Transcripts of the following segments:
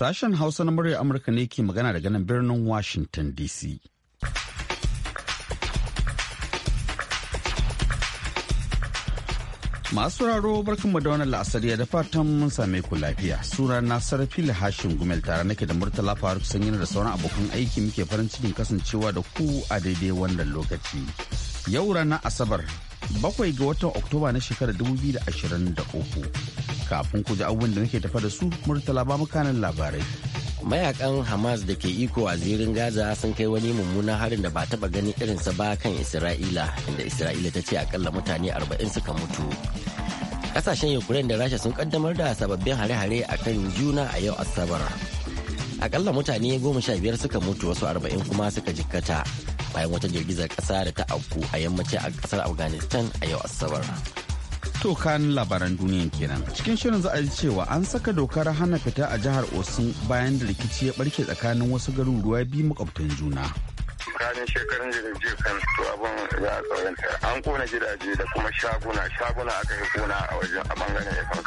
Sashen Hausa na murya Amurka ne ke magana daga nan birnin Washington DC. Masu raro barkanmu da wannan ya dafa fatan mun same ku lafiya. suna na sarfi hashin gumel tare nake da Murtala Faruk yana da sauran abokan aiki muke farin cikin kasancewa da ku a daidai wannan lokaci. yau ranar asabar bakwai ga watan oktoba na shekarar 2023 kafin ku ji abubuwan da nake tafa da su murtala ba mukanin labarai mayakan hamas da ke iko a zirin gaza sun kai wani mummunan harin da ba taba gani irinsa ba kan isra'ila inda isra'ila ta ce akalla mutane 40 suka mutu kasashen ukraine da rasha sun kaddamar da sababbin hare-hare a kan juna a yau asabar akalla mutane goma sha biyar suka mutu wasu arba'in kuma suka jikkata bayan wata girgizar kasa da ta auku a yammacin a kasar afghanistan a yau asabar to kan labaran duniyan kenan cikin shirin za a ji cewa an saka dokar hana fita a jihar osun bayan da rikici ya barke tsakanin wasu garuruwa biyu makwabtan juna tsakanin shekarun jirgin jiya kan to abin a an kona gidaje da kuma shaguna shaguna aka yi kona a wajen a bangaren ya kan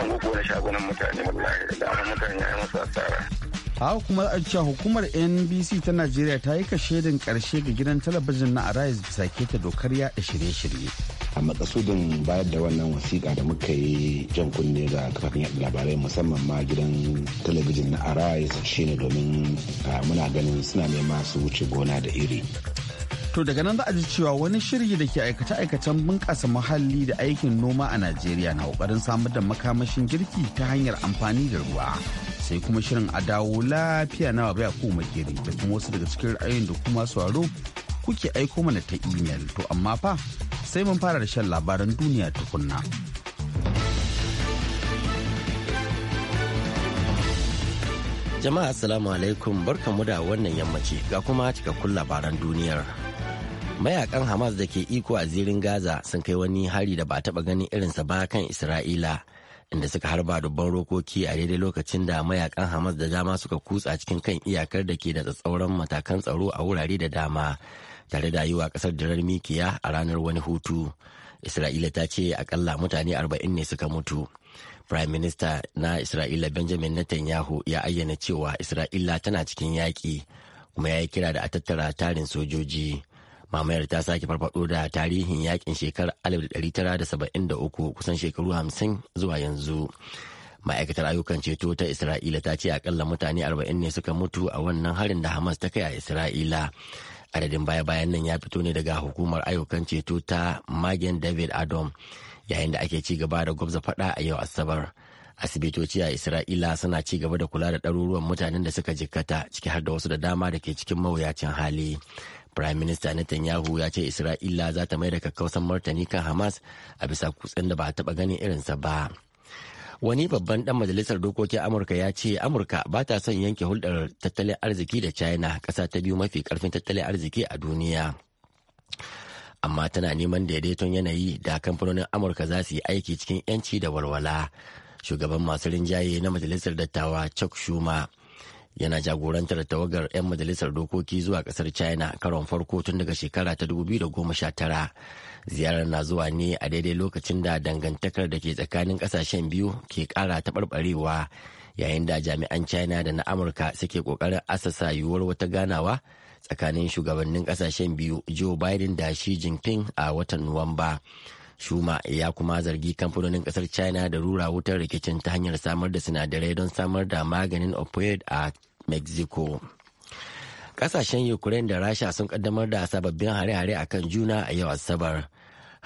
an kona shagunan mutane wallahi da mutane ya yi masu asara a kuma a hukumar nbc ta najeriya ta yi kashedin karshe ga gidan talabijin na arise bisa ta dokar yada shirye-shirye a makasudin bayar da wannan wasiƙa da muka yi jan kunne ga kafafen yada labarai musamman ma gidan talabijin na arise shine domin muna ganin suna nema su wuce gona da iri To daga nan za a ji cewa wani shirye da ke aikace-aikacen bunƙasa muhalli da aikin noma a Najeriya na ƙoƙarin samar da makamashin girki ta hanyar amfani da ruwa. Sai kuma shirin a dawo lafiya na wa ko makeri da kuma wasu daga cikin ra'ayin da kuma sauraro kuke aiko mana ta imel. To amma fa sai mun fara da shan labaran duniya tukunna. Jama'a Assalamu alaikum barkamu da wannan yammaci ga kuma cikakkun labaran duniyar. mayakan hamas da ke iko a zirin gaza sun kai wani hari da ba taba ganin irinsa ba kan isra'ila inda suka harba dubban rokoki a daidai lokacin da mayakan hamas da dama suka kutsa cikin kan iyakar da ke da tsatsauran matakan tsaro a wurare da dama tare da yi wa kasar dirar mikiya a ranar wani hutu isra'ila ta ce akalla mutane 40 ne suka mutu prime minister na isra'ila benjamin netanyahu ya ayyana cewa isra'ila tana cikin yaƙi kuma ya yi kira da a tattara tarin sojoji mamayar ta sake farfado da tarihin yakin shekarar 1973 kusan shekaru 50 zuwa yanzu ma'aikatar ayyukan ceto ta isra'ila ta ce akalla mutane 40 ne suka mutu a wannan harin da hamas ta kai a isra'ila adadin baya-bayan nan ya fito ne daga hukumar ayyukan ceto ta magen david adom yayin da ake ci gaba da gwabza fada a yau asabar asibitoci a isra'ila suna ci gaba da kula da ɗaruruwan mutanen da suka jikkata ciki har da wasu da dama da ke cikin mawuyacin hali Prime Minister Netanyahu ya ce Isra'ila za ta mai da kakkausan martani kan Hamas a bisa kutsen da ba a taɓa ganin irinsa ba. Wani babban ɗan majalisar dokokin Amurka ya ce Amurka ba ta son yanke hulɗar tattalin arziki da China ƙasa ta biyu mafi ƙarfin tattalin arziki a duniya. Amma tana neman daidaiton yanayi da kamfanonin Amurka za su yi aiki cikin 'yanci da walwala. Shugaban masu rinjaye na majalisar dattawa Chuck Schumer yana jagorantar tawagar 'yan majalisar dokoki zuwa kasar china karon farko tun daga shekara ta 2019 ziyarar na zuwa ne a daidai lokacin da dangantakar da ke tsakanin kasashen biyu ke kara taɓarɓarewa yayin da jami'an china da na amurka suke ƙoƙarin asasa yiwuwar wata ganawa tsakanin shugabannin kasashen biyu joe biden da shi jinping a watan nuwamba Shuma ya kuma zargi kamfanonin kasar China da rura wutar rikicin ta hanyar samar da sinadarai don samar da maganin opioid a Mexico. Kasashen Ukraine da Rasha sun kaddamar da sababbin hare-hare a kan juna a yau Asabar.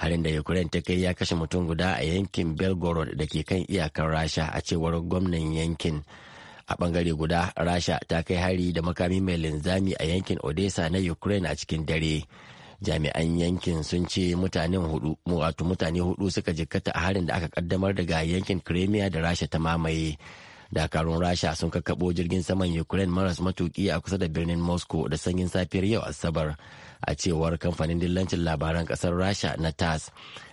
Harin da Ukraine ta kai ya kashe mutum guda a yankin Belgorod da ke kan iyakar Rasha a cewar gwamnan yankin. a bangare guda rasha ta kai hari da makami mai linzami a yankin odessa na ukraine a cikin dare jami'an yankin sun ce mutanen hudu wato mutane hudu suka jikkata a harin da aka kaddamar daga yankin crimea da rasha ta mamaye dakarun rasha sun kakkaɓo jirgin saman ukraine maras matuki a kusa da birnin moscow da sanyin safiyar yau asabar a cewar kamfanin dillancin labaran kasar rasha na tas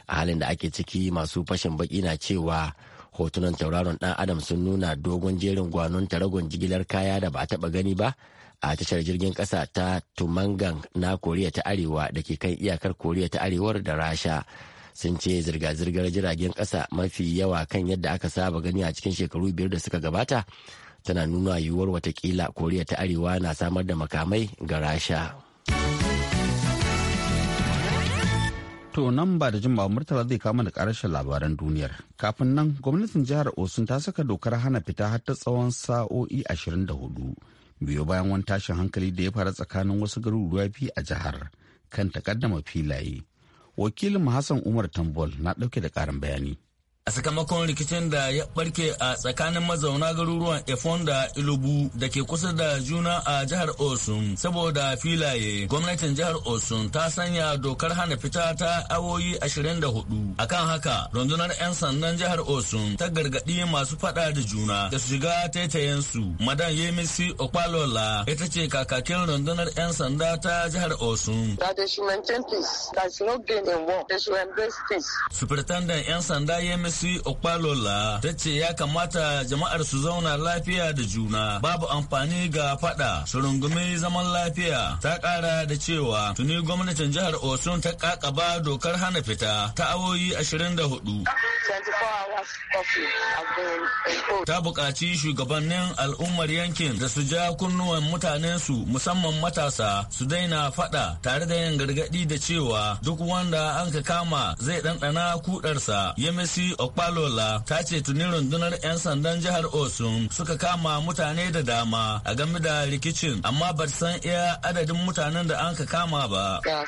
a halin da ake ciki masu fashin baki na cewa hotunan tauraron dan adam sun nuna dogon jerin gwanon taragon jigilar kaya da ba a taba gani ba a tashar jirgin kasa ta tumangan na koriya ta arewa da ke kan iyakar koriya ta arewar da rasha sun ce zirga-zirgar jiragen kasa mafi yawa kan yadda aka saba gani a cikin shekaru biyar da suka gabata tana nuna yiwuwar watakila koriya ta arewa na samar da makamai ga rasha To nan ba da jimawa Murtala zai kama da karashin labaran duniyar. Kafin nan gwamnatin jihar Osun ta saka dokar hana fita har ta tsawon sa'o'i 24 biyo bayan wani tashin hankali da ya faru tsakanin wasu garuruwa biyu a jihar kan takaddama filaye wakilin hassan umar tambol na dauke da ƙarin bayani a sakamakon rikicin da ya barke a tsakanin mazauna garuruwan Efon da Ilubu da ke kusa da juna a jihar Osun saboda filaye. Gwamnatin jihar Osun ta sanya dokar hana fita ta awoyi 24. kan haka, rundunar 'yan sandan jihar Osun ta gargaɗi masu fada da juna da su shiga taitayensu Madan Yemisi Okpalola ita ce kakakin rundunar 'yan sanda ta jihar Osun. 'yan sanda Yemisi Mercy Okpalola ta ce ya kamata jama'ar su zauna lafiya da juna babu amfani ga fada su rungumi zaman lafiya ta kara da cewa tuni gwamnatin jihar Osun ta kakaba dokar hana fita ta awoyi 24. Ta buƙaci shugabannin al'ummar yankin da su ja kunnuwan mutanen su musamman matasa su daina fada tare da yin gargaɗi da cewa duk wanda an ka kama zai ɗanɗana kudarsa. misi Okpalola ta ce tuni rundunar 'yan sandan jihar Osun suka kama mutane da dama a game da rikicin amma ba san iya adadin mutanen da an ka kama ba. Ta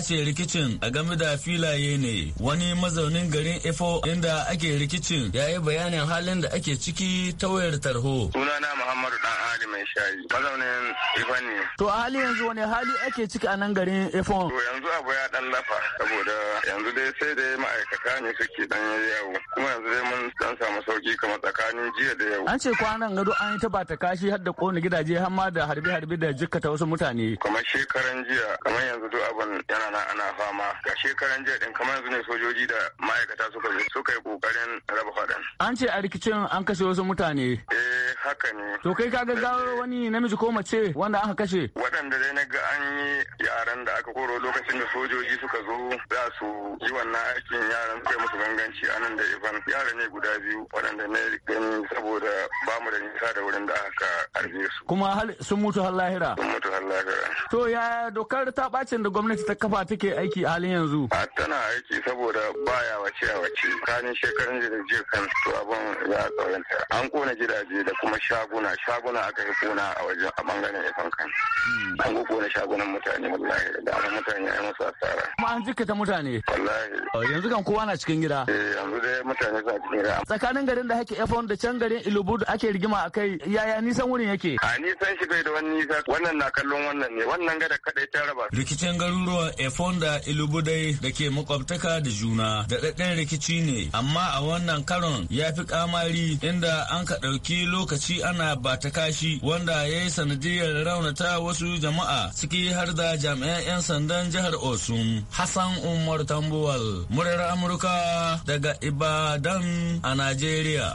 ce rikicin a game da filaye ne wani mazaunin garin Efo inda ake rikicin ya yi bayanin halin da ake ciki ta wayar tarho. Sunana Muhammadu Dan hali Mai Shayi. Mazaunin Ifan ne. To a hali yanzu wani hali ake ciki a nan garin Ifan? To yanzu abu ya dan lafa saboda yanzu dai sai dai ma'aikata ne suke dan yawo. Kuma yanzu dai mun dan samu sauki kama tsakanin jiya da yau. An ce kwanan gado an yi ta ta kashi har da kona gidaje har ma da harbe-harbe da jikkata wasu mutane. Kamar shekaran jiya kamar yanzu duk abin yana na ana fama. Ga shekaran jiya din kamar yanzu ne sojoji da ma'aikata suka zo suka yi kokarin raba faɗan. An ce a rikicin an kashe wasu mutane. Eh haka ne. To kai ka ga kawo wani namiji ko mace wanda aka kashe waɗanda dai na ga an yi yaran da aka koro lokacin da sojoji suka zo za su yi wannan aikin yaran kai musu ganganci a nan da iban yara ne guda biyu waɗanda na gani saboda ba mu da nisa da wurin da aka harbe su kuma sun mutu har lahira sun mutu har lahira to ya dokar ta bacin da gwamnati ta kafa take aiki a halin yanzu a tana aiki saboda baya wace a wace kanin shekarun jirgin kan to abin ya tsawaita an kona gidaje da kuma shaguna shaguna a ta fi kuna a wajen a bangaren ifan kan hmm. an gugu na shagunan mutane wallahi da amma mutane ya masu asara kuma an jikka ta mutane wallahi oh, yanzu kan kowa na cikin gida eh yanzu dai mutane suna cikin gida tsakanin garin da hake ifan da can garin ilubu da ake rigima a kai yaya nisan wurin yake a nisan shi bai da wani nisa wannan na kallon wannan ne wannan gada kadai ta raba rikicin garuruwan ifan da ilubu dai da ke makwabtaka da juna da daɗaɗɗen rikici ne amma a wannan karon ya fi kamari inda an ka ɗauki lokaci ana ba ta kashi shi wanda ya yi sanadiyar raunata wasu jama'a ciki har da jami'an 'yan sandan jihar Osun. Hassan Umar Tambuwal, murar Amurka daga Ibadan a Najeriya.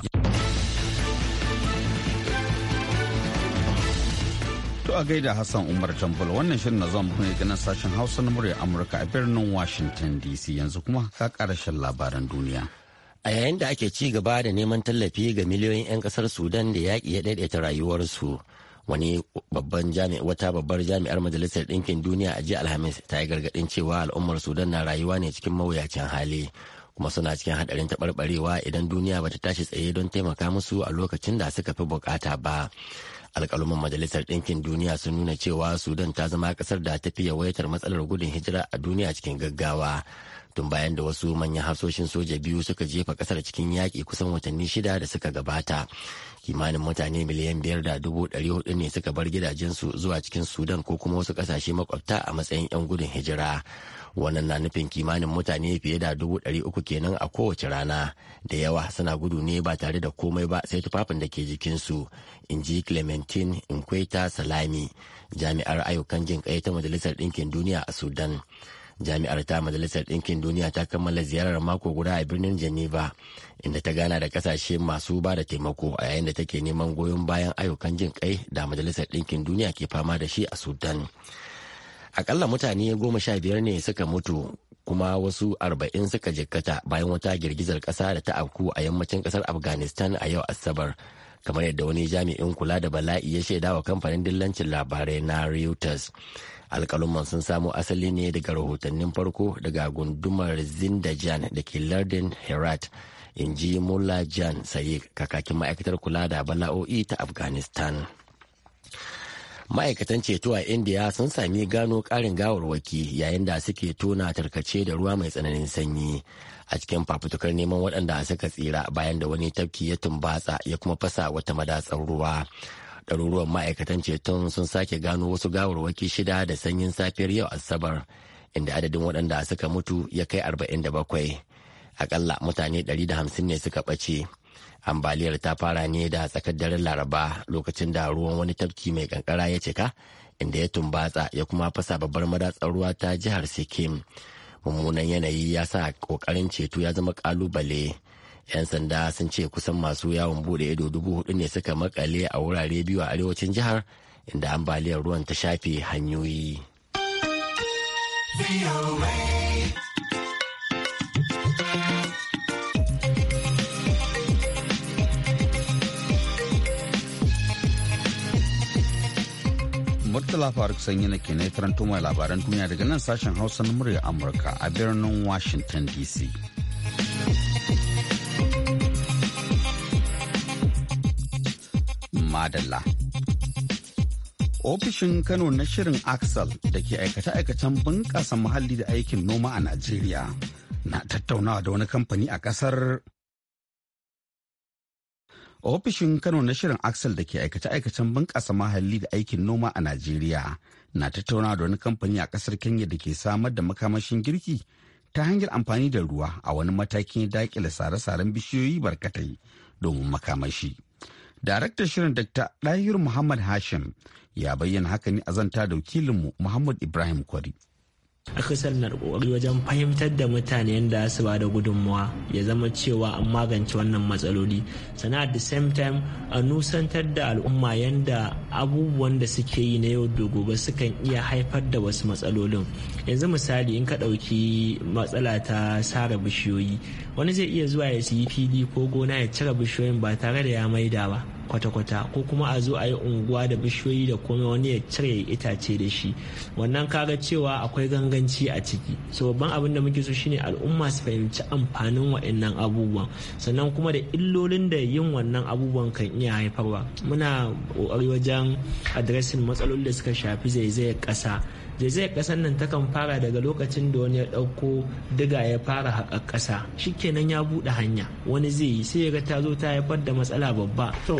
To a gaida Hassan Umar Tambul wannan shirin na zuwa muku ne ganin sashen Hausa na murya Amurka a birnin Washington DC yanzu kuma ka ƙarashin labaran duniya. a yayin da ake ci gaba da neman tallafi ga miliyoyin 'yan kasar sudan da yaƙi ya daidaita rayuwarsu wani babban wata babbar jami'ar majalisar ɗinkin duniya a jiya alhamis ta yi gargaɗin cewa al'ummar sudan na rayuwa ne cikin mawuyacin hali kuma suna cikin haɗarin taɓarɓarewa idan duniya bata tashi tsaye don taimaka musu a lokacin da suka fi bukata ba alƙaluman majalisar ɗinkin duniya sun nuna cewa sudan ta zama ƙasar da ta fi yawaitar matsalar gudun hijira a duniya cikin gaggawa tun bayan da wasu manyan hafsoshin soja biyu suka jefa kasar cikin yaƙi kusan watanni shida da suka gabata kimanin mutane miliyan biyar da dubu ɗari hudu ne suka bar gidajensu zuwa cikin sudan ko kuma wasu ƙasashe makwabta a matsayin 'yan gudun hijira wannan na nufin kimanin mutane fiye da dubu ɗari uku kenan a kowace rana da yawa suna gudu ne ba tare da komai ba sai tufafin da ke jikinsu in ji clementine inkweta salami jami'ar ayyukan jin ta majalisar ɗinkin duniya a sudan jami'ar ta majalisar ɗinkin duniya ta kammala ziyarar mako guda a birnin geneva inda ta gana da kasashe masu ba da taimako a yayin da take neman goyon bayan ayyukan jin kai da majalisar ɗinkin duniya ke fama da shi a sudan akalla mutane goma sha biyar ne suka mutu kuma wasu arba'in suka jikkata bayan wata girgizar ƙasa da ta afku a yammacin ƙasar afghanistan a yau asabar kamar yadda wani jami'in kula da bala'i ya shaidawa kamfanin dillancin labarai na reuters alkalumman sun samo asali ne daga rahotannin farko daga gundumar zindajan da ke lardin herat in ji mullah jan sayik kakakin ma'aikatar kula da bala'o'i ta afghanistan ma'aikatan ceto a india sun sami gano karin gawarwaki yayin da suke tona tarkace da ruwa mai tsananin sanyi a cikin fafutukar neman waɗanda suka tsira bayan da wani tafki ya tumbatsa ya kuma fasa wata madatsar ruwa ɗaruruwan ma'aikatan ceton sun sake gano wasu gawarwaki shida da sanyin safiyar yau asabar inda adadin waɗanda suka mutu ya kai 47 akalla mutane 150 ne suka ɓace ambaliyar ta fara ne da tsakar daren laraba lokacin da ruwan wani tafki mai kankara ya cika inda ya tumbatsa ya kuma fasa babbar madatsar ruwa ta jihar sikkim mummunan yanayi ya sa kokarin ceto ya zama ƙalubale. 'yan sanda sun ce kusan masu yawon bude ido dubu hudu ne suka makale a wurare biyu a arewacin jihar inda ambaliyar ruwan ta shafe hanyoyi Murtala Faruk sanyi na kenai na karanto mai labaran duniya daga nan sashen Hausa na murya Amurka a birnin Washington DC. Madalla. Ofishin Kano na shirin Axel da ke aikace-aikacen bunƙasa muhalli da aikin noma a Najeriya na tattaunawa da wani kamfani a ƙasar ofishin kano na shirin axel da ke aikace-aikacen bunƙasa muhalli da aikin noma a najeriya na tattaunawa da wani kamfani a ƙasar kenya da ke samar da makamashin girki ta hanyar amfani da ruwa a wani matakin ya daƙile sare-saren bishiyoyi barkatai domin makamashi Daraktar shirin Dr. Dahir Muhammad Hashim ya bayyana haka ne a zanta da wakilinmu Muhammad Ibrahim Kwari. akasar na kokari wajen fahimtar da mutane yadda su ba da gudunmawa ya zama cewa an magance wannan matsaloli sana at the same time a nusantar da al'umma yadda abubuwan da suke yi na yau da gobe sukan iya haifar da wasu matsalolin yanzu misali in ka ɗauki matsala ta sare bishiyoyi wani zai iya zuwa ya siyi fili ko gona ya cire bishiyoyin ba tare da ya maida ba kwata-kwata ko kuma a zo a yi unguwa da bishiyoyi da komai wani ya cire itace da shi wannan kaga cewa akwai ganganci a ciki so babban abin da muke so shine al'umma su fahimci amfanin wa'annan abubuwan sannan kuma da illolin da yin wannan abubuwan kan iya haifarwa muna kokari wajen adresin matsalolin da suka shafi zaizayar ƙasa zai ƙasar nan takan fara daga lokacin da wani ya ɗauko diga ya fara haƙa ƙasa shikenan ya buɗe hanya wani zai yi sai ga ta zo ta haifar da matsala babba to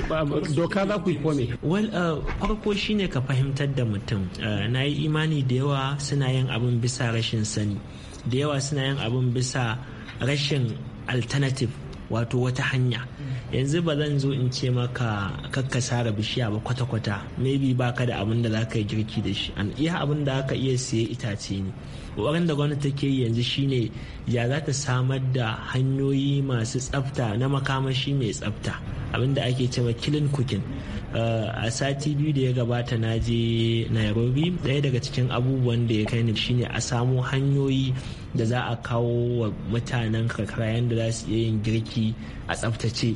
doka za ku yi ko me well uh, farko shine ka fahimtar da mutum uh, na yi imani da yawa suna yin abin bisa rashin sani da yawa suna yin abin bisa rashin alternative wato wata hanya yanzu ba zan zo in ce maka kakka sare bishiya ba kwata-kwata maybe baka da abin da za ka yi girki da shi an iya abin da aka iya siya itace ne wurin da gwamnati take yi yanzu shine ya za ta samar da hanyoyi masu tsafta na makamashi mai tsafta abin da ake cewa kilin kukin uh, a sati biyu da ya gabata na je nairobi daya daga cikin abubuwan da ya kai ni shine a samo hanyoyi da za a kawo wa mutanen karkara yadda za su iya yin girki a tsaftace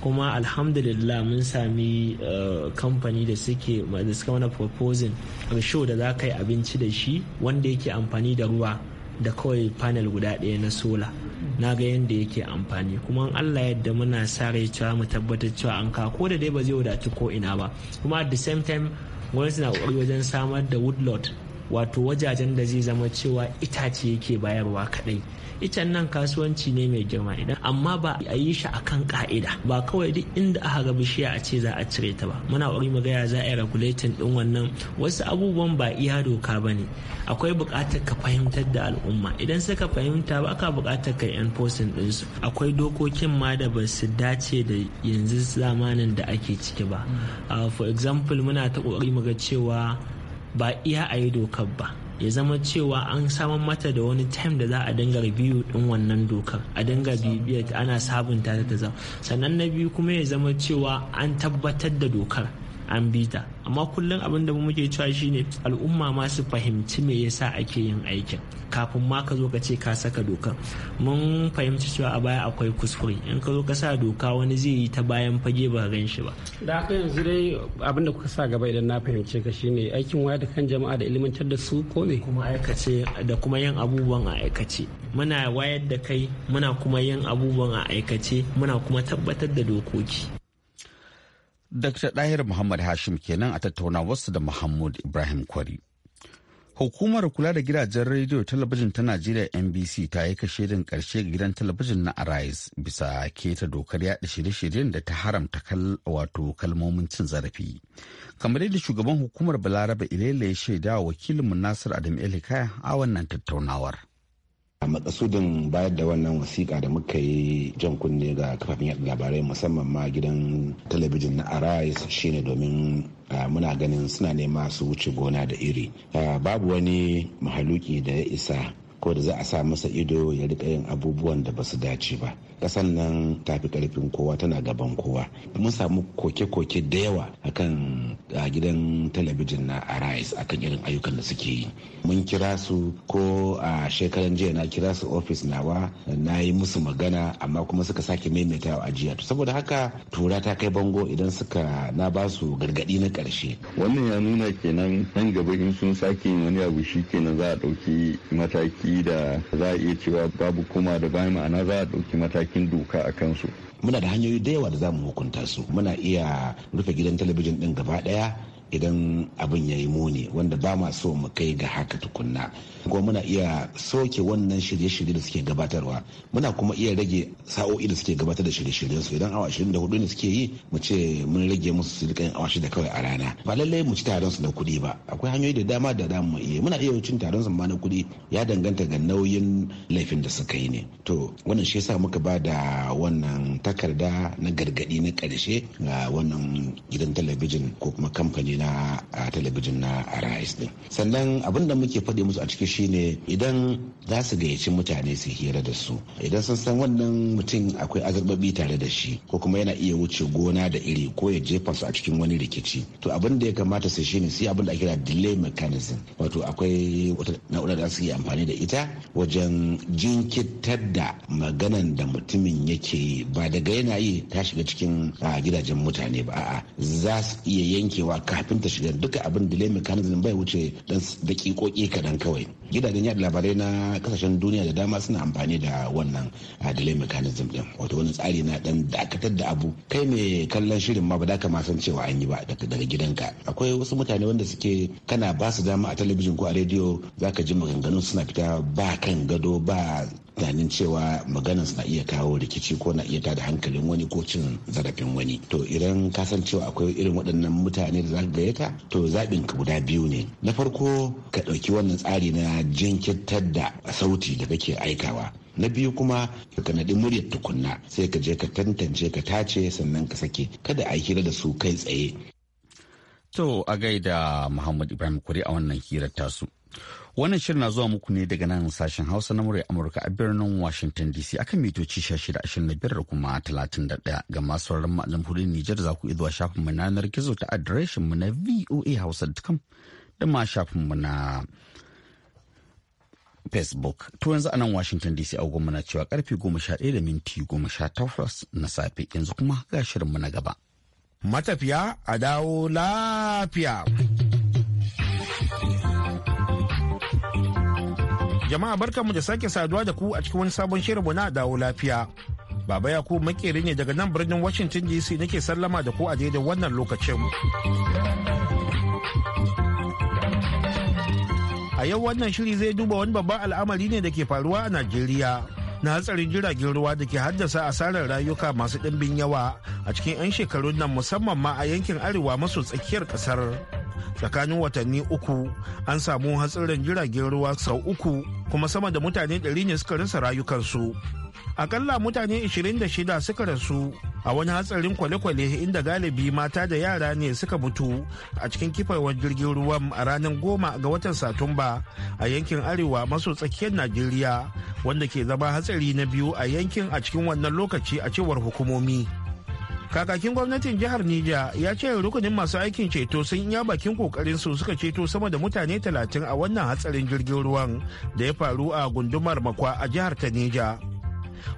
kuma alhamdulillah mun sami eh, kamfani da suke da suka mana proposing risho da za ka yi abinci da shi wanda yake amfani da ruwa da kawai panel guda ɗaya na sola na ga yadda yake amfani kuma allah yadda muna sare rai cewa mu tabbatar cewa an ka ko da dai ba zai wadaci ko ina ba kuma at the same time gwamnati na kokari wajen samar da woodlot wato wajajen da zai zama cewa itace yake bayarwa kadai icen nan kasuwanci ne mai girma idan amma ba a yi shi akan ka'ida ba kawai duk inda aka ga bishiya a ce za a cire ta ba muna ƙwari magana za a yi regulating din wannan wasu abubuwan ba iya doka ba ne akwai buƙatar ka fahimtar da al'umma idan suka fahimta ba ka buƙatar ka enforcing ɗinsu akwai dokokin ma da ba su dace da yanzu zamanin da ake ciki ba mm. ah, for example muna ta ƙoƙari ga cewa ba iya a yi dokar ba ya zama cewa an samar mata da wani time da za a dinga review din wannan dokar a dinga bibiyar ana sabunta ta zama sannan na biyu kuma ya zama cewa an tabbatar da dokar an bi ta amma kullum abin da muke cewa shine al'umma ma su fahimci me yasa ake yin aikin kafin ma ka zo ka ce ka saka doka mun fahimci cewa a baya akwai kuskure in ka zo ka sa doka wani zai yi ta bayan fage ba gan shi ba da haka yanzu dai abin da kuka sa gaba idan na fahimce ka shine aikin waya da kan jama'a da ilimantar da su ko ne kuma aikace da kuma yin abubuwan a aikace muna wayar da kai muna kuma yin abubuwan a aikace muna kuma tabbatar da dokoki Dr. Dahir Muhammad Hashim kenan a wasu da Muhammad Ibrahim Kwari. Hukumar kula da gidajen rediyo talabijin ta Najeriya NBC ta yi din karshe ga gidan talabijin na Arise bisa keta dokar yaɗa shirye-shiryen da ta haramta kal wato kalmomin cin zarafi. Kamar yadda shugaban hukumar Balaraba Ilele ya shaida wa wakilin Nasir Adam Elikaya a wannan tattaunawar. a makasudin bayar da wannan wasiƙa da muka yi jan kunne ga kafafen yaɗa labarai musamman ma gidan talabijin na arise shine domin muna ganin suna nema su wuce gona da iri babu wani mahaluki da ya isa ko da za a sa masa ido ya rika yin abubuwan da ba su dace ba ƙasan nan ta fi karfin kowa tana gaban kowa mun samu koke-koke da yawa akan a gidan talabijin na arise akan irin ayyukan da suke yi mun kira su ko a shekaran jiya na kira su ofis nawa na yi musu magana amma kuma suka sake maimaitawa a jiya saboda haka tura ta kai bango idan suka na ba su gargadi na karshe wannan ya nuna kenan nan gaba in sun sake wani abu shi kenan za a ɗauki mataki matsayi da za a iya cewa babu koma da bayan ma'ana za a ɗauki matakin doka a kansu muna da hanyoyi da yawa da za mu hukunta su muna iya rufe gidan talabijin ɗin gaba ɗaya idan abin ya yi muni wanda ba ma so mu kai ga haka tukunna kuma muna iya soke wannan shirye-shirye da suke gabatarwa muna kuma iya rage sa'o'i da suke gabatar da shirye-shiryen su idan awa 24 ne suke yi mu ce mun rage musu su rika yin awa shida kawai a rana ba lallai mu ci taron su na kuɗi ba akwai hanyoyi da dama da dama iya muna iya cin taron su ma na kuɗi ya danganta ga nauyin laifin da suka yi ne to wannan shi yasa muka ba da wannan takarda na gargadi na ƙarshe ga wannan gidan talabijin ko kuma kamfani na talabijin na rais din sannan abinda muke faɗi musu a cikin shine idan za su gayyaci mutane su hira da su idan sun san wannan mutum akwai azurbabi tare da shi ko kuma yana iya wuce gona da iri ko ya jefa su a cikin wani rikici to abin da ya kamata su ne sai abin da ake kira delay mechanism wato akwai wata na'ura da suke amfani da ita wajen jinkirtar da maganan da mutumin yake yi ba daga yana yi ta shiga cikin gidajen mutane ba a'a za su iya yankewa kafin ta shiga duka abin delay mechanism bai wuce dan dakikoki kaɗan kawai gidajen yada labarai na kasashen duniya da dama suna amfani da wannan ah, delay mechanism din wato wani tsari na dan dakatar da abu kai mai kallon shirin ma ba da ma san cewa an yi ba daga gidanka akwai wasu mutane wanda suke kana ba su dama a talabijin ko a rediyo zaka ji maganganu suna fita ba kan gado ba ganin cewa maganar na iya kawo rikici ko na iya tada hankalin wani ko cin zarafin wani to idan ka san cewa akwai irin waɗannan mutane da zaka gayyata to zaɓin ka guda biyu ne na farko ka ɗauki wannan tsari na jinkirtar da sauti da kake aikawa na biyu kuma ka naɗi muryar tukunna sai ka je ka tantance ka tace sannan ka sake kada a hira da su kai tsaye to a gaida muhammad ibrahim kuri a wannan hirar tasu Wannan shirin na zuwa muku ne daga nan sashen Hausa na murya Amurka a birnin Washington DC akan mitoci 1625 da kuma 31 ga masu sauraron ma'azin a Nijar za ku izuwa shafin na yanar gizo ta adireshin mu na hausa da ma shafin mu na Facebook. To yanzu a nan Washington DC a goma cewa karfe 11 da minti 18 na safe yanzu kuma ga shirin mu na gaba. Matafiya a dawo lafiya. Jama'a mu da sake saduwa da ku a cikin wani sabon shirin na dawo lafiya. Baba Yakubu makeri ne daga nan birnin Washington DC nake sallama da ku a daidai wannan lokacin. A yau wannan shiri zai duba wani babban al'amari ne da ke faruwa a Najeriya. na hatsarin jiragen ruwa da ke haddasa asarar rayuka masu ɗimbin yawa a cikin 'yan shekarun nan musamman ma a yankin arewa maso tsakiyar ƙasar tsakanin watanni uku an samu hatsarin jiragen ruwa sau uku kuma sama da mutane 100 ne suka rasa rayukansu akalla mutane 26 suka rasu a wani hatsarin kwale-kwale inda galibi mata da yara ne suka mutu a cikin kifawar jirgin ruwan a ranar goma ga watan satumba a yankin arewa maso tsakiyar najeriya wanda ke zama hatsari na biyu a yankin a cikin wannan lokaci a cewar hukumomi kakakin gwamnatin jihar Nija ya ce rukunin masu aikin ceto sun iya bakin kokarin su suka ceto sama da mutane 30 a wannan hatsarin jirgin ruwan da ya faru a gundumar makwa a jihar ta Nija.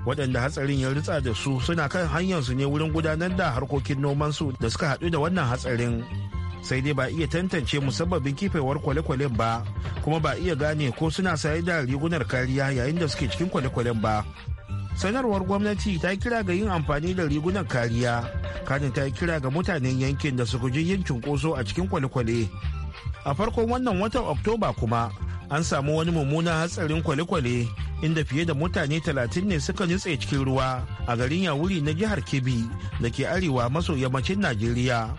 waɗanda hatsarin ya ritsa da su suna kan hanyarsu ne wurin gudanar da harkokin nomansu da suka haɗu da wannan hatsarin sai dai ba iya tantance musabbabin kifewar kwalekwalen ba kuma ba iya gane ko suna saye da rigunar kariya yayin da suke cikin kwale ba sanarwar gwamnati ta kira ga yin amfani da rigunar kariya kanin ta kira ga mutanen yankin da su guji yin cunkoso a cikin kwalekwale. a farkon wannan watan oktoba kuma an samu wani mummunan hatsarin kwalekwale inda fiye da mutane 30 ne suka nutse cikin ruwa a garin yawuri na jihar kebbi da ke arewa maso yammacin najeriya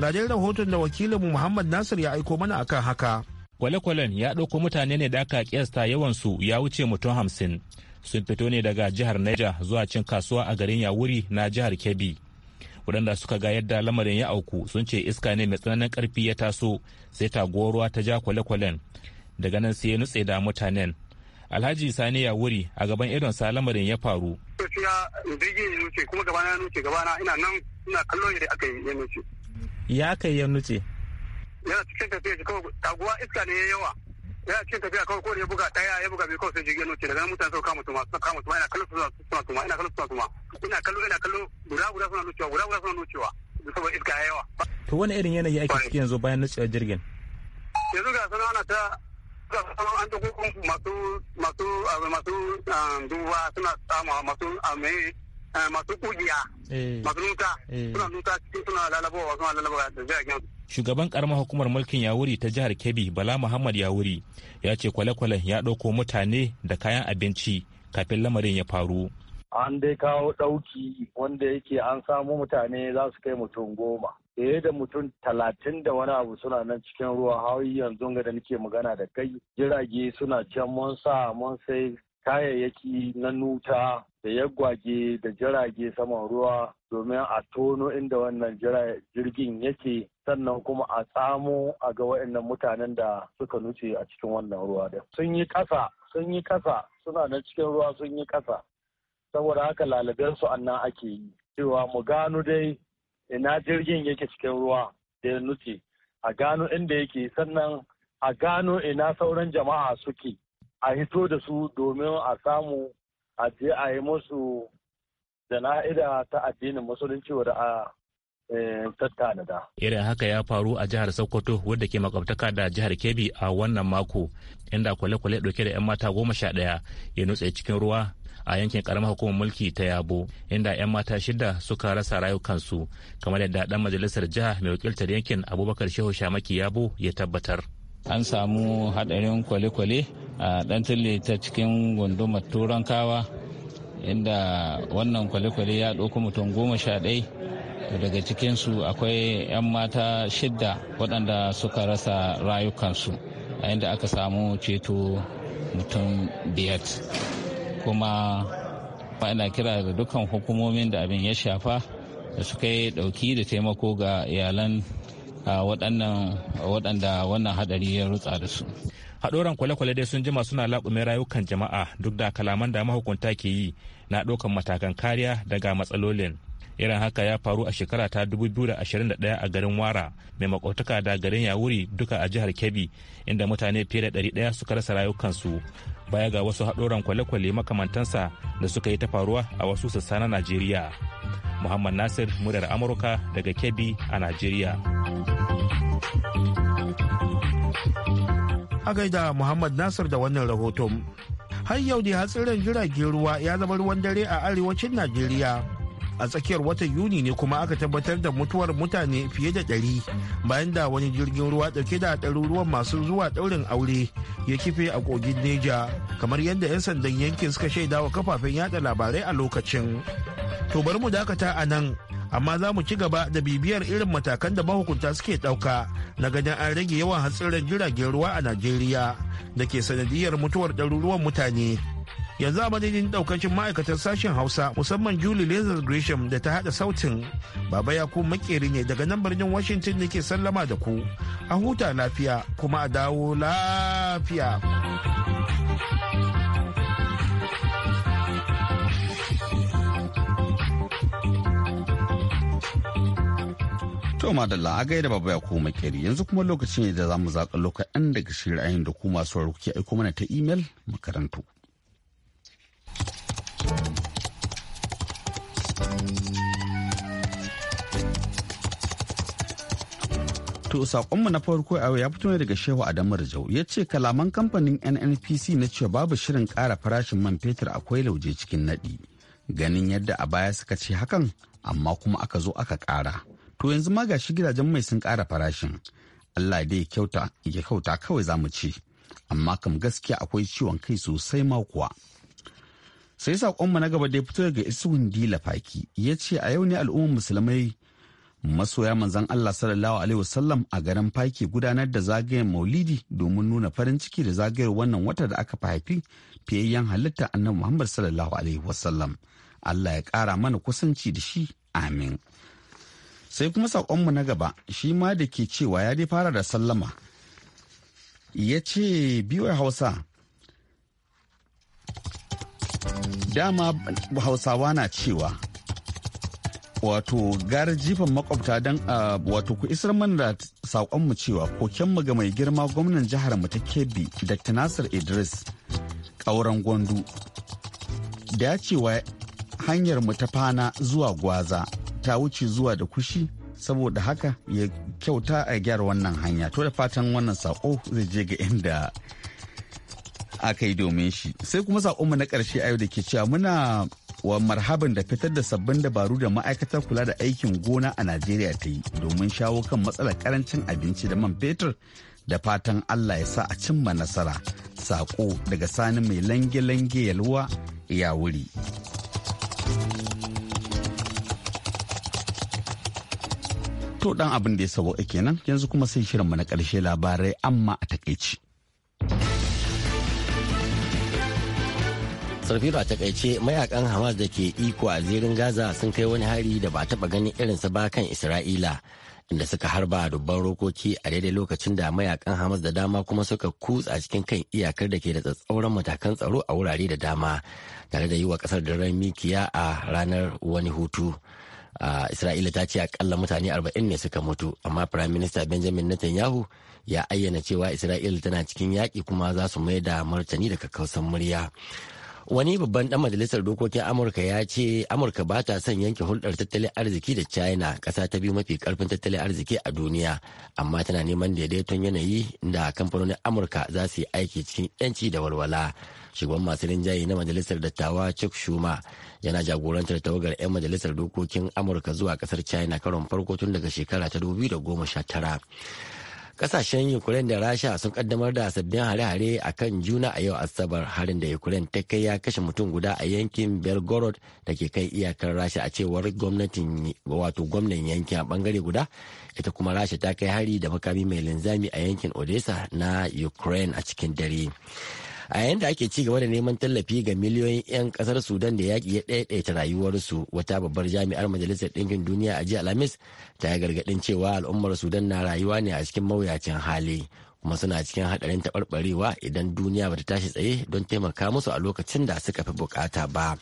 ga rahoton da wakilinmu muhammad nasir ya aiko mana akan haka kwale-kwalen ya ɗauko mutane ne da aka kiyasta yawansu ya wuce mutum hamsin sun fito ne daga jihar Niger zuwa cin kasuwa a garin yawuri na jihar kebbi waɗanda suka ga yadda lamarin ya auku sun ce iska ne mai tsananin karfi ya taso sai taguwar ruwa ta ja kwale-kwalen daga nan sai ya nutse da mutanen alhaji sani ya wuri a gaban idon salamarin ya faru ya kai ya nuce yana cikin tafiya shi kawai taguwa iska ne ya yawa yana cikin tafiya kawai ko ya buga daya ya buga biyu kawai sai jirgin nuce daga mutane suka kama tuma suka kama tuma ina kallo suna tuma ina kallo suna tuma ina kallo ina kallo guda guda suna nucewa guda guda suna nucewa saboda iska ya yawa to wani irin yanayi ake ciki yanzu bayan nucewar jirgin yanzu ga sana ana ta an da masu masu masu shugaban karamar hukumar mulkin yawuri ta jihar kebbi bala muhammad yawuri ya ce kwale-kwalen ya ɗauko mutane da kayan abinci kafin lamarin ya faru an dai kawo ɗauki wanda yake an samu mutane za su kai mutum goma fiye da mutum talatin da wani abu suna nan cikin ruwa har yanzu ga da nake magana da kai jirage suna can mun sa mun sai kayayyaki na nuta da yagwage da jirage saman ruwa domin a tono inda wannan jirgin yake sannan kuma a tsamo a ga waɗannan mutanen da suka nuce a cikin wannan ruwa da sun yi ƙasa sun yi ƙasa suna nan cikin ruwa sun yi kasa saboda haka lalabensu annan ake yi cewa mu gano dai ina jirgin yake cikin ruwa da ya nutse a gano inda yake sannan a gano ina sauran jama'a suke a hito da su domin a samu a je a yi musu jana'ida ta addinin musulunci wadda a eh, da. Irin haka ya faru a jihar Sokoto wadda ke makwabtaka da jihar Kebbi a wannan mako inda kwale-kwale dauke da 'yan mata goma sha ɗaya ya nutse cikin ruwa a yankin karamar hukumar mulki ta yabo inda 'yan mata shida suka rasa rayukansu kamar yadda dan majalisar jiha mai wakiltar yankin abubakar shehu shamaki yabo ya tabbatar an samu hadarin kwale-kwale a dan ta cikin gundumar turankawa inda wannan kwale-kwale ya ɗauko mutum goma sha ɗai daga cikinsu akwai 'yan mata shidda waɗanda suka rasa rayukansu a inda aka samu ceto mutum biyat. kuma ina kira da dukkan hukumomin da abin ya shafa da suka yi dauki da taimako ga iyalan waɗanda wannan hadari ya rutsa da su haɗoran kwale-kwale dai sun jima suna laƙumin rayukan jama'a duk da kalaman da mahukunta ke yi na ɗaukan matakan kariya daga matsalolin irin haka ya faru a shekara ta 2021 a garin wara mai makwautaka da garin yawuri duka a jihar kebbi inda mutane fiye da 100 suka rasa rayukansu baya ga wasu haɗoran kwale-kwale makamantansa da suka yi ta faruwa a wasu sassa na najeriya muhammad nasir muryar amurka daga kebbi a najeriya a gaida muhammad nasir da wannan rahoton har yau da hatsirin jiragen ruwa ya zama ruwan dare a arewacin najeriya a tsakiyar watan yuni ne kuma aka tabbatar da mutuwar mutane fiye da ɗari bayan da wani jirgin ruwa ɗauke da ɗaruruwan masu zuwa ɗaurin aure ya kife a kogin neja kamar yadda 'yan sandan yankin suka shaida wa kafafen yada labarai a lokacin to bari mu dakata a nan amma za mu ci gaba da bibiyar irin matakan da mahukunta suke ɗauka na ganin an rage yawan hatsarin jiragen ruwa a najeriya da ke sanadiyar mutuwar ɗaruruwan mutane yanzu a madadin daukacin ma'aikatar sashen hausa musamman julie lazar gresham da ta hada sautin baba ya ku makeri ne daga nan birnin washington da ke sallama da ku a huta lafiya kuma a dawo lafiya To madalla a gaida baba ya kuma makeri yanzu kuma lokacin ne da za mu zaƙa lokacin daga shirayen da ku masu ke aiko mana ta imel makarantu. To saƙonmu na farko a ya fito ne daga Shehu Adamu Rajau ya ce kalaman kamfanin NNPC na cewa babu shirin ƙara farashin man fetur akwai lauje cikin naɗi. Ganin yadda a baya suka ce hakan amma kuma aka zo aka ƙara. To yanzu ma gashi gidajen mai sun ƙara farashin. Allah dai kyauta ya kyauta kawai za mu ci. Amma kam gaskiya akwai ciwon kai sosai ma kuwa. sai saƙonmu na gaba da ya fito daga isuhun dila faki ya ce a yau ne al'ummar musulmai masoya manzan allah sallallahu alaihi wasallam a garin faki gudanar da zagayen maulidi domin nuna farin ciki da zagayar wannan wata da aka fi haifi fiyayyen halitta annabi muhammad sallallahu alaihi wasallam allah ya kara mana kusanci da shi amin sai kuma saƙonmu na gaba shi ma da ke cewa ya dai fara da sallama ya ce biyar hausa dama hausawa na cewa wato gara jifan makwabta don a' wato ku isar mana da saƙonmu cewa kokenmu ga mai girma gwamnan jihar mu ta kebbi da nasir idris ƙauren gwandu da ya cewa hanyar mu ta fana zuwa gwaza ta wuce zuwa da kushi saboda haka ya kyauta a gyara wannan hanya to da fatan wannan saƙo zai je ga inda aka yi domin shi sai kuma mu na karshe a yau da ke cewa muna wa marhaban da fitar da sabbin dabaru da ma'aikatar kula da aikin gona a najeriya ta yi domin shawo kan matsalar karancin abinci da man fetur da fatan allah ya sa a cimma nasara sako daga sani mai lange-lange yalwa ya wuri to dan abin da ya sabo kenan yanzu kuma sai shirinmu na karshe labarai amma a takaici. sarfi a takaice mayakan hamas da ke iko a zirin gaza sun kai wani hari da ba taba ganin irinsa ba kan isra'ila inda suka harba dubban rokoki a daidai lokacin da mayakan hamas da dama kuma suka kutsa cikin kan iyakar da ke da tsatsauran matakan tsaro a wurare da dama tare da yi wa kasar da ran mikiya a ranar wani hutu a Isra'ila ta ce akalla mutane 40 ne suka mutu, amma Prime Minister Benjamin Netanyahu ya ayyana cewa Isra'ila tana cikin yaƙi kuma za su mai da martani daga kausan murya. wani babban dan majalisar dokokin amurka ya ce amurka ba ta son yanke hulɗar tattalin arziki da china ƙasa ta biyu mafi ƙarfin tattalin arziki a duniya amma tana neman daidaiton yanayi da kamfanonin amurka za su yi aiki cikin yanci da walwala shugaban masu rinjaye na majalisar dattawa chuck schumer yana jagorantar tawagar 'yan majalisar dokokin amurka zuwa ƙasar china karon farko tun daga shekara ta 2019 Kasashen Ukraine da Rasha sun kaddamar da sabbin hare-hare a kan juna a yau Asabar harin da Ukraine ta kai ya kashe mutum guda a yankin Belgorod da ke kai iyakar Rasha a cewar gwamnatin wato gwamnan yankin a bangare guda. Ita kuma Rasha ta kai hari da makami mai linzami a yankin Odessa na Ukraine a cikin dare. a yayin da ake ci gaba da neman tallafi ga miliyoyin 'yan kasar sudan da yaƙi ya ɗaiɗaita rayuwarsu wata babbar jami'ar majalisar ɗinkin duniya a jiya alhamis ta yi gargaɗin cewa al'ummar sudan na rayuwa ne a cikin mawuyacin hali kuma suna cikin haɗarin taɓarɓarewa idan duniya bata tashi tsaye don taimaka musu a lokacin da suka fi bukata ba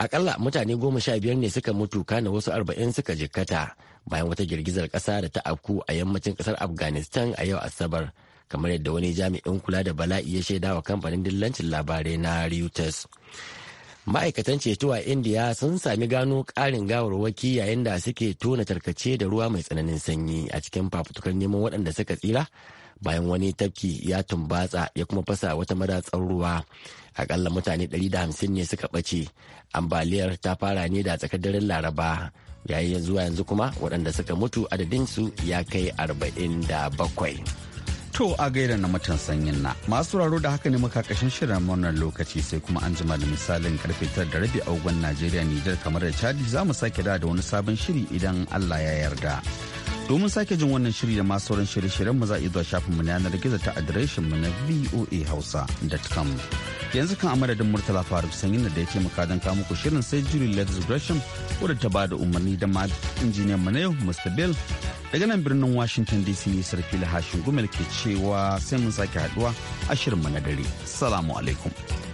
akalla mutane goma sha biyar ne suka mutu kana wasu arba'in suka jikkata bayan wata girgizar ƙasa da ta afku a yammacin ƙasar afghanistan a yau asabar kamar yadda wani jami'in kula da bala'i ya shaida wa kamfanin dillancin labarai na reuters ma'aikatan ceto a india sun sami gano ƙarin gawarwaki yayin da suke tona tarkace da ruwa mai tsananin sanyi a cikin fafutukar neman waɗanda suka tsira bayan wani tafki ya tumbatsa ya kuma fasa wata madatsar ruwa akalla mutane 150 ne suka ɓace ambaliyar ta fara ne da tsakar daren laraba yayin zuwa yanzu kuma waɗanda suka mutu adadinsu ya kai 47 To a gaida na mutan sanyin na masu raro da haka ne makakashin shirin wannan lokaci sai kuma an jima da misalin karfe tara da rabi a Najeriya Nijar kamar da Chadi za mu sake da wani sabon shiri idan Allah ya yarda. Domin sake jin wannan shiri da masu sauran shirye-shiryen mu za a zuwa shafin mu na yanar gizo ta adireshin mu na voahausa.com. Yanzu kan amadadin Murtala Faruk Sanyin da ya taimaka don kawo muku shirin sai Julie Lex Gresham wadda ta ba da umarni da ma injiniyan mu na yau Mr. Bill. Daga nan birnin Washington DC ne sarfi hashin gumel ke cewa sai mun sake haduwa a shirin mu na dare. Salamu alaikum.